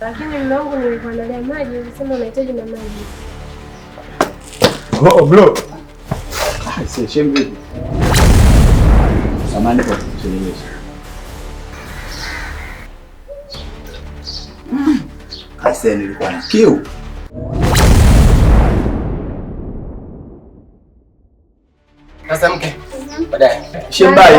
Lakini mlongo, nilikuandalia maji, oh, oh, ah, hmm. nilikuwa na kiu. Sasa mke. Mhm. Baadaye. Shembai.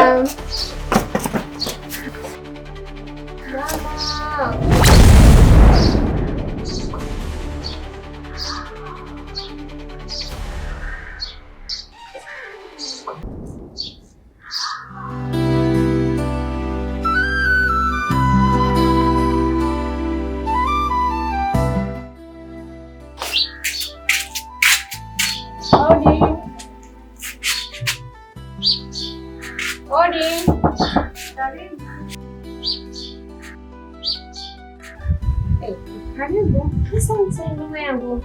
nini yangu?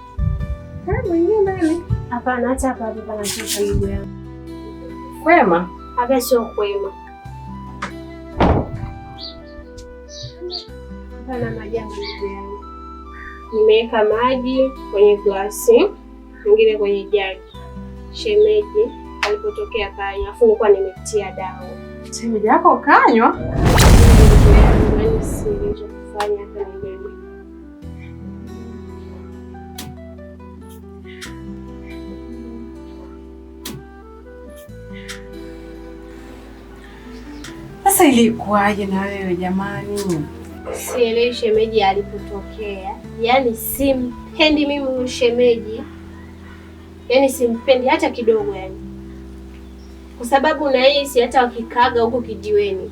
Mwingie ndani. Hapana, hata hapa panachoka ndugu yangu. Kwema? Aga sio kwema. Hapana majambo ndugu yangu. Nimeweka maji kwenye glasi, mwingine kwenye jagi. Shemeji alipotokea kanywa, afu nilikuwa nimetia dawa. Shemeji yako kanywa? Yaani si nilichokufanya hata ilikuwaje na wewe jamani? Sielewi shemeji alipotokea, yaani simpendi mimi huyu shemeji, yaani simpendi hata kidogo, yani kwa sababu na si hata wakikaga huko kijiweni,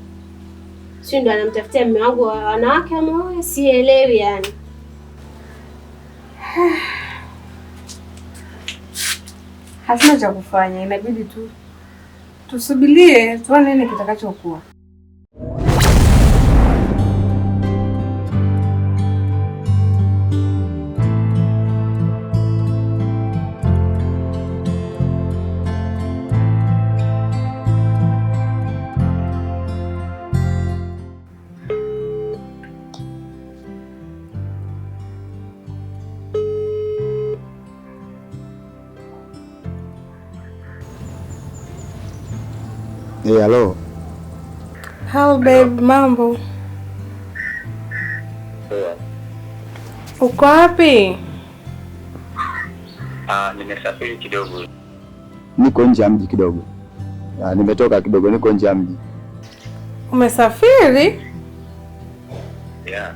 si ndo anamtafutia mume wangu wa wanawake ama wewe? Sielewi yani hasina cha kufanya, inabidi tu tusubilie tuone nini kitakachokuwa. Hey, hello. Hello babe, mambo? Uko wapi? Ah, nimesafiri kidogo. Niko nje ya mji kidogo. Ah, nimetoka kidogo, niko nje ya mji. Umesafiri? Yeah.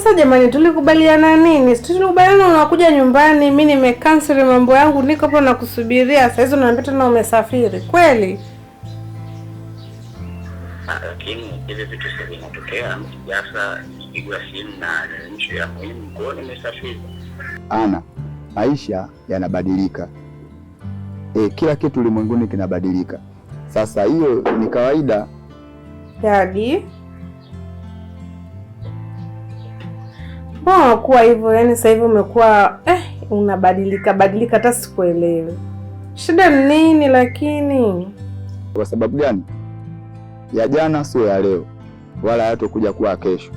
Sasa jamani, tulikubaliana nini? Si tulikubaliana unakuja nyumbani, mi nimecancel mambo yangu, niko hapa nakusubiria. Saa hizi unaambia tena umesafiri kweli? Ah, lakini hivi vitu sasa vinatokea, sasa, kipigwa simu na nchi ya muhimu kwao, nimesafiri. Ana maisha yanabadilika, e, kila kitu ulimwenguni kinabadilika. Sasa hiyo ni kawaida Dadi. Yaani? Oh, kuwa hivyo yani, sasa hivi umekuwa eh, unabadilika badilika, hata sikuelewe shida ni nini. Lakini kwa sababu gani ya jana sio ya leo, wala hayatokuja kuwa kesho.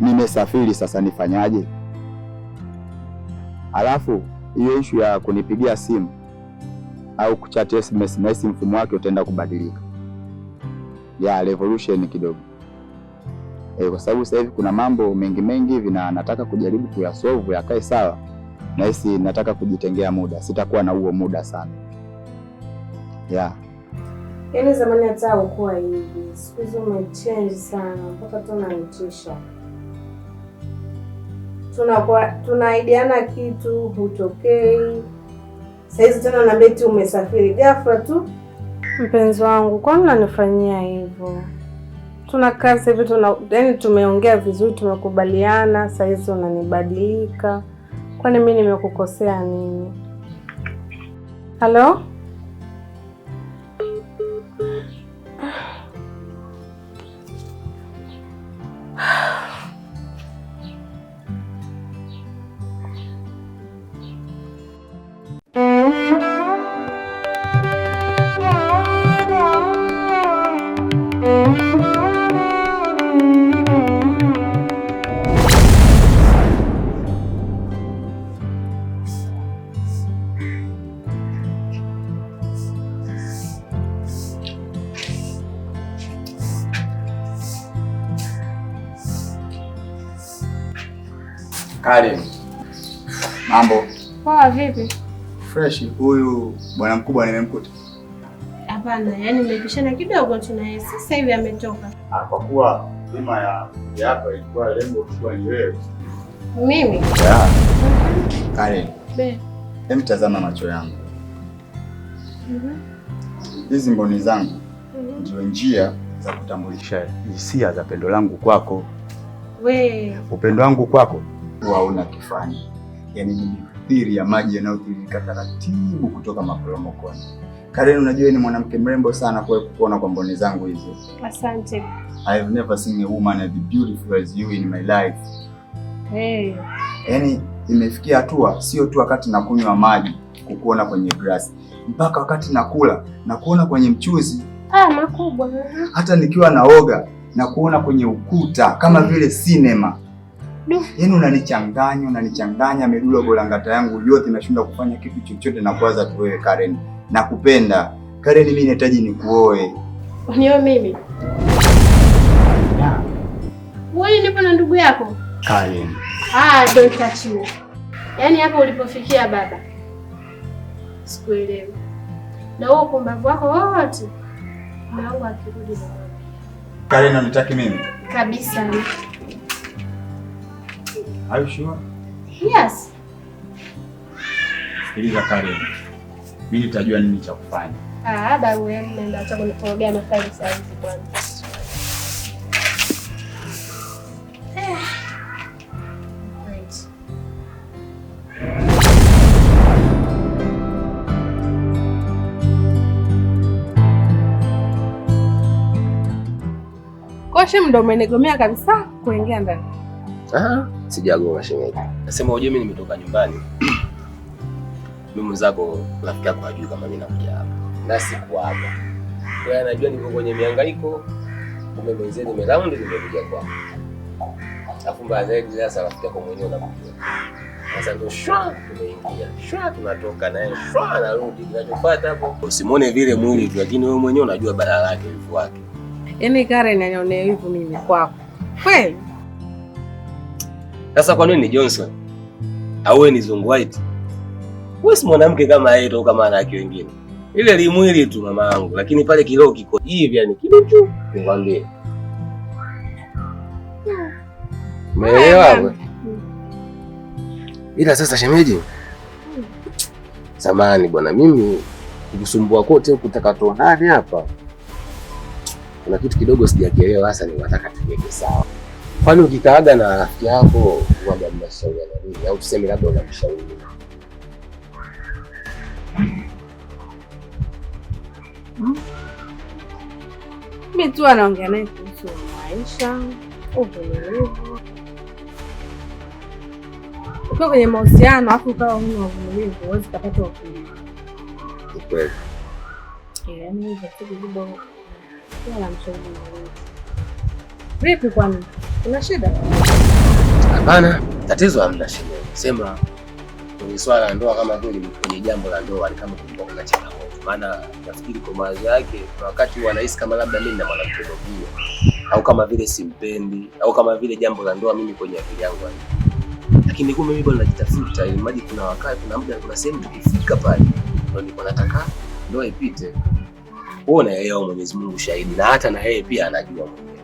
Nimesafiri sasa, nifanyaje? Alafu hiyo ishu ya kunipigia simu au kuchat SMS, nahisi mfumo wake utaenda kubadilika, ya revolution kidogo e, kwa sababu sasa hivi kuna mambo mengi mengi hivi na nataka kujaribu kuyasolve yakae sawa. Nahisi nataka kujitengea muda, sitakuwa na huo muda sana yeah. Yaani zamani hata ukuwa hivi, siku hizi umechange sana mpaka tunanitisha. Tunakuwa tunaidiana kitu hutokei. sahizi hizi tena na beti umesafiri ghafla tu. Mpenzi wangu, kwani unanifanyia hivyo? tunakaa sasa hivi tuna yani tumeongea vizuri, tumekubaliana. Saa hizi unanibadilika, kwani mi nimekukosea nini? Halo. Mambo poa. Vipi? Fresh. Huyu bwana mkubwa nimemkuta? Hapana, yani mmepishana kidogo tu naye, sasa hivi ametoka. Ah, kwa kuwa dhima ya hapa ilikuwa lengo kubwa ni wewe. Mimi Karen, hem, tazama macho yangu mhm. hizi, mm -hmm. mboni zangu mm -hmm. ndio njia za kutambulisha hisia za pendo langu kwako. We, upendo wangu kwako huwa kifani yani ni ya maji yanayotiririka taratibu kutoka maporomokoni. Karen, unajua ni mwanamke mrembo sana kwa kuona kwa mboni zangu hizo. Asante. I have never seen a woman as beautiful as you in my life. Hey. Yani imefikia hatua sio tu wakati nakunywa maji kukuona kwenye glasi, mpaka wakati nakula nakuona kwenye mchuzi. Ah, makubwa. Hata nikiwa naoga nakuona kwenye ukuta kama vile sinema. Yaani unanichanganya, unanichanganya medula golangata yangu yote nashinda kufanya kitu chochote na kuwaza tu wewe Karen. Nakupenda. Karen mimi nahitaji nikuoe. Unioe mimi? Wewe nipo na ndugu yako? Karen. Ah, don't touch you. Yaani hapo ulipofikia baba. Sikuelewi. Na huo pumbavu wako wote. Mungu akirudi. Karen unitaki mimi? Kabisa. Are you sure? Yes. Sikiliza Karen. Mimi nitajua nini cha kufanya. Ah, baba wewe mnaenda cha kunikorogea mafaili saa hizi kwa shimu ndo umenigomea kabisa kuingia ndani. Aha. Sijagonga shemeji. Nasema ujue mimi nimetoka nyumbani. Mimi mzako rafiki yako hajui kama mimi nakuja hapa. Na sikuwa hapa. Kwa hiyo anajua niko kwenye mihangaiko. Kumbe mwenzie nimeraundi nimekuja kwako. Alafu mbaya zaidi sasa rafiki yako mwenyewe unakuja. Sasa ndio shwa tumeingia. Shwa tunatoka naye. Shwa narudi. Kinachofuata hapo. Usimwone vile mwili tu lakini wewe mwenyewe unajua balaa lake mfu wake. Yaani Karen ananionea hivyo mimi kwako. Kweli? Sasa kwa nini ni Johnson au ni Zungu White? Wewe si mwanamke kama yeye tu, kama wanawake wengine. Ile limwili tu mama yangu, lakini pale kiroho kiko hivi yani kidogo tu nikwambie. Umeelewa? Ila sasa shemeji, samani bwana, mimi kusumbua kote kutaka tuonane hapa, kuna kitu kidogo sijakielewa, hasa niwataka tuweke sawa Kwani ukikaaga na rafiki yako waga mnashauriana nini? Au tuseme labda unamshauri mi tu anaongea naye kuhusu maisha, uvumilivu. Ukiwa kwenye mahusiano afu ukawa huna uvumilivu, huwezi kupata uvumilivu. Ni kweli. Yaani, vipi kwani kuna shida? Hapana, tatizo hamna shida. Sema kwenye swala la ndoa, kama kweli kwenye jambo la ndoa ni kama kumboka na changamoto, maana nafikiri kwa mawazo yake, kuna wakati huwa anahisi kama labda mimi na mwanamke mwingine, au kama vile simpendi, au kama vile jambo la ndoa mimi kwenye akili yangu hapo. lakini kumbe mimi bwana najitafuta ili maji. Kuna wakati, kuna muda, kuna sehemu tukifika pale ndio niko nataka ndoa ipite. Wewe na yeye au Mwenyezi Mungu shahidi, na hata na yeye pia anajua mwenyewe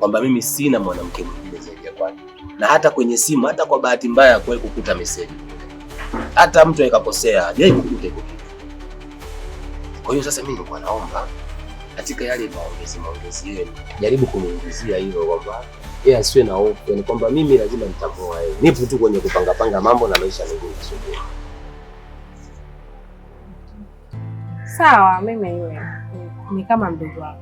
kwamba mimi sina mwanamke mwingine zaidi ya kwani, na hata kwenye simu, hata kwa bahati mbaya kwa kukuta meseji, hata mtu akakosea hajawahi kukuta hiyo kitu. Kwa hiyo sasa mimi nilikuwa naomba katika yale maongezi maongezi yenu jaribu kuniingizia hilo kwamba yeye asiwe na hofu, yani kwamba mimi lazima nitamboa yeye, nipo tu kwenye kupangapanga mambo na maisha mengi kusumbua. Sawa, mimi ni kama mdogo wako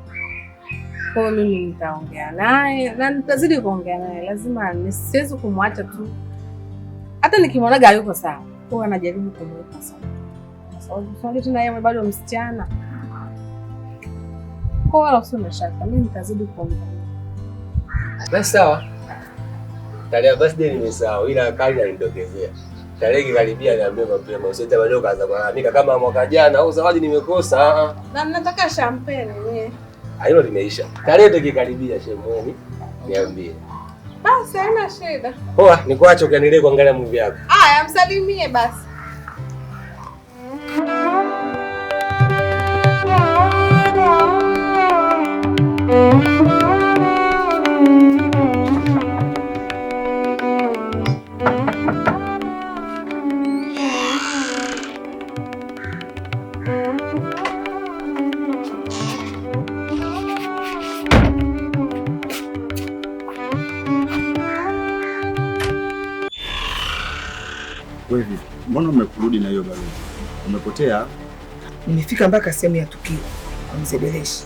kwa hiyo mimi nitaongea naye na nitazidi kuongea naye, lazima nisiwezi kumwacha tu. Hata nikimwonaga yuko sawa, huwa anajaribu kumweka sawa, sababu tena yeye bado msichana. Kwa hiyo usiwe na shaka, mimi nitazidi kuongea. Basi sawa, tarehe birthday nimesahau, ila kali alinidokezea tarehe kikaribia, niambie mapema, usiete baadaye ukaanza kulalamika kama mwaka jana au zawadi nimekosa. Na nataka champagne eh hilo limeisha. Tarehe tukikaribia shemweni, niambie. Basi haina shida. Poa, nikuache ukiendelee kuangalia movie yako. Haya, msalimie basi. Mm. Tulifika mpaka sehemu ya tukio kwa mzee Beleshi.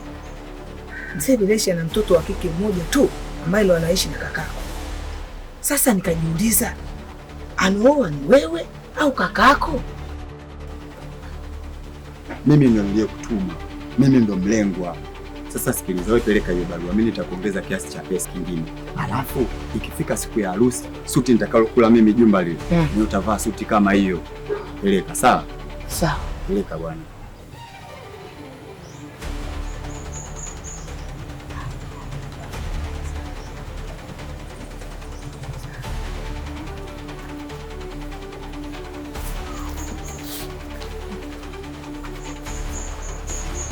Mzee Beleshi ana mtoto wa kike mmoja tu ambaye ndo anaishi na kakako. Sasa nikajiuliza, anaoa ni wewe au kakako? Mimi ndo niliyekutuma, mimi ndo mlengwa. Sasa sikiliza wewe, peleka hiyo barua, mimi nitakuongeza kiasi cha pesa kingine, alafu ikifika siku ya harusi, suti nitakalokula mimi jumba lile, yeah. Hmm. Ni utavaa suti kama hiyo. Peleka sawa sawa, peleka bwana.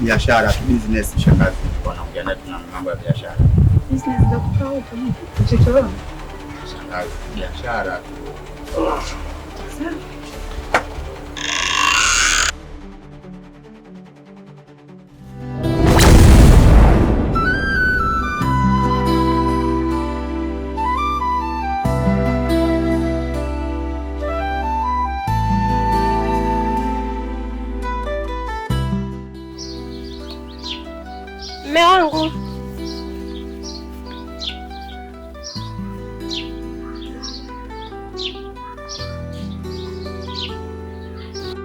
biashara tu, business. Shangazi naongea naye tuna mambo ya biashara. biashara tu Mme wangu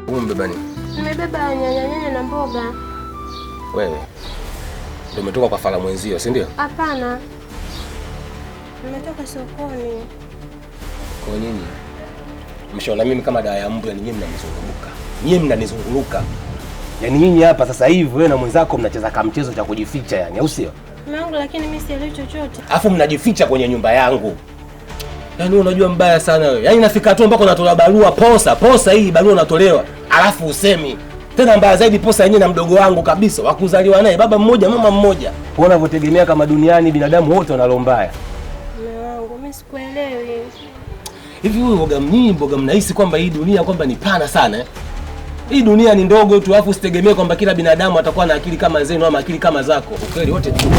umebeba nini? Nimebeba nyanya nyanya na mboga. Wewe ndio umetoka kwa fala mwenzio, si ndio? Hapana, nimetoka sokoni. Kwa nini? Mshaona mimi kama dawa ya mbwa, ni nyinyi mnanizunguruka, nyinyi mnanizunguruka Yaani nyinyi hapa sasa hivi wewe na mwenzako mnacheza kama mchezo cha kujificha yani, au sio? Mamangu, lakini mimi sielewi chochote. Alafu mnajificha kwenye nyumba yangu. Yaani unajua mbaya sana wewe. Yaani nafika tu ambako natoa barua posa, posa hii barua natolewa. Alafu usemi. Tena mbaya zaidi posa yenyewe na mdogo wangu kabisa wa kuzaliwa naye, baba mmoja, mama mmoja. Wewe unavyotegemea kama duniani binadamu wote wana roho mbaya. Mamangu, mimi sikuelewi. Hivi wewe mboga mnahisi kwamba hii dunia kwamba ni pana sana eh? Hii dunia ni ndogo tu, alafu usitegemee kwamba kila binadamu atakuwa na akili kama zenu ama akili kama zako. Ukweli wote tu.